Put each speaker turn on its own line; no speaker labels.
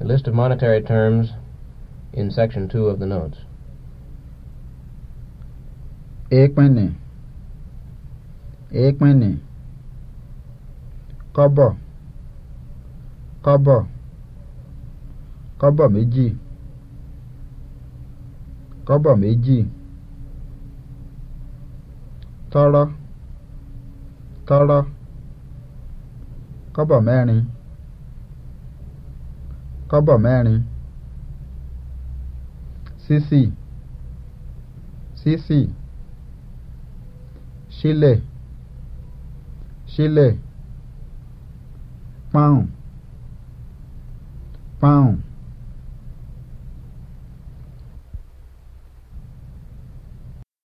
A list of monetary terms in section 2 of the notes.
एक महीने एक महीने kọ́bọ̀ kọ́bọ̀ kọ́bọ̀ méjì kọ́bọ̀ méjì tọ́rọ́ tọ́rọ́ kọ́bọ̀ mẹ́rin. kọ́bọ̀ mẹ́rin sísì sísì sílẹ̀ sílẹ̀ pound pound